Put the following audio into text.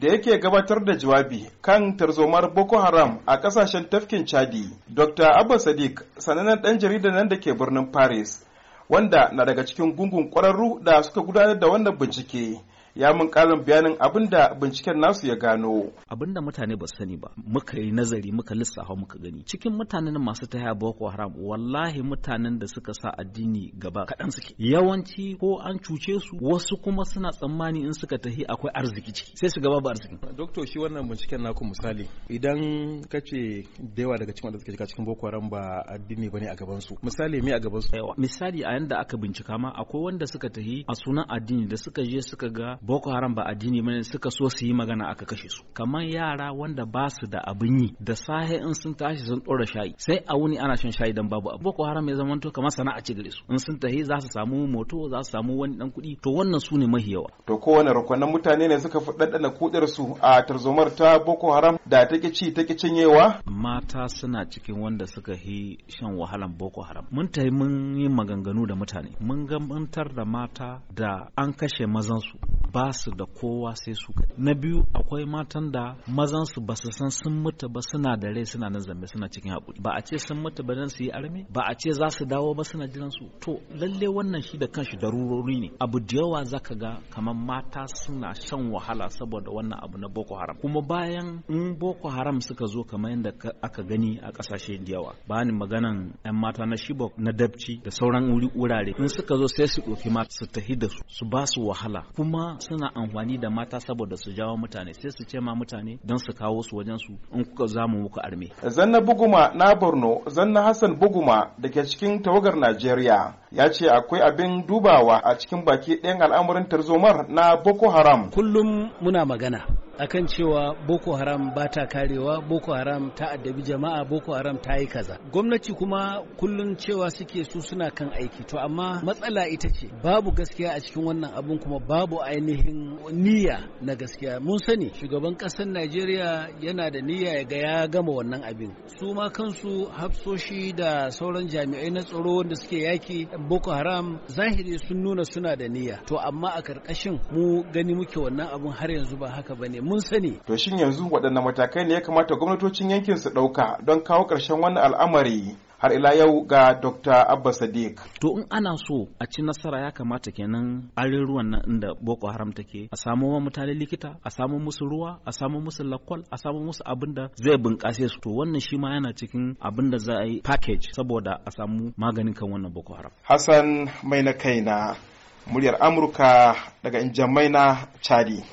da yake gabatar da jawabi kan tarzomar Boko Haram a kasashen tafkin Chadi, Dr. Abba Sadiq, sanannen ɗan jaridan nan da ke birnin Paris, wanda na daga cikin gungun ƙwararru da suka gudanar da wannan bincike. ya mun karin bayanin abin binciken nasu ya gano. Abin da mutane ba sani ba, muka yi nazari muka lissafa muka gani. Cikin mutanen masu taya Boko Haram, wallahi mutanen da suka sa addini gaba kaɗan suke. Yawanci ko an cuce su, wasu kuma suna tsammani in suka tahi akwai arziki ciki. Sai su gaba ba arziki. Doktor shi wannan binciken naku misali, idan ka ce da yawa daga cikin da suka shiga cikin Boko Haram ba addini bane a gaban su. Misali me a gaban su? Misali a yanda aka bincika ma akwai wanda suka tahi a sunan addini da suka je suka ga boko haram ba addini ne suka so su yi magana aka kashe su kamar yara wanda ba su da abin yi da sahe in sun tashi sun dora shayi sai a wuni ana shan shayi dan babu abu boko haram ya zama to kamar sana'a ce gare su in sun tahi za su samu moto za su samu wani dan kuɗi to wannan su ne mahi yawa to kowane rukunan mutane ne suka fi ɗanɗana kudar su a tarzomar ta boko haram da take ci take cinyewa mata suna cikin wanda suka hi shan wahalan boko haram mun tahi mun yi maganganu da mutane mun gabantar da mata da an kashe mazan su. ba su da kowa sai su na biyu akwai matan da mazan su ba su san sun mutu ba suna da rai suna nan zambe suna cikin haƙuri ba a ce sun mutu ba dan su yi arme ba a ce za su dawo ba suna jiran su to lalle wannan shi da kanshi darurori ne abu da yawa zaka ga kamar mata suna shan wahala saboda wannan abu na boko haram kuma bayan in boko haram suka zo kamar yadda aka gani a kasashe da yawa ni maganan yan mata na shibok na dabci da sauran wurare in suka zo sai su ɗauki mata su tahi da su su ba su wahala kuma suna amfani da mata saboda su jawo mutane sai su ce ma mutane don su kawo su wajen su in kuka zamu muku arme zanna buguma na borno zanna hassan buguma da ke cikin tawagar najeriya ya ce akwai abin dubawa a cikin baki ɗayan al'amarin tarzomar na boko haram kullum muna magana akan cewa boko haram ba ta karewa boko haram ta addabi jama'a boko haram ta yi kaza gwamnati kuma kullum cewa suke su suna kan aiki to amma matsala ita ce babu gaskiya a cikin wannan abun kuma babu ainihin niyya na gaskiya mun sani shugaban ƙasar najeriya yana da niyya ya ga ya gama wannan abin su ma kansu hafsoshi da sauran jami'ai na tsaro wanda suke yaki boko haram zahiri sun nuna suna da niyya to amma a karkashin mu gani muke wannan abun har yanzu ba haka bane mun sani. To shin yanzu waɗanne matakai ne ya kamata gwamnatocin yankin su ɗauka don kawo ƙarshen wannan al'amari? har ila yau ga Dr. Abba Sadiq. To in ana so a ci nasara ya kamata kenan arin ruwan nan inda Boko Haram take a samu wa mutane likita, a samu musu ruwa, a samu musu lakwal, a samu musu abin da zai bunƙase su. To wannan shi ma yana cikin abin da za a yi package saboda a samu maganin kan wannan Boko Haram. Hassan mai na kaina muryar Amurka daga Injamai na Chadi.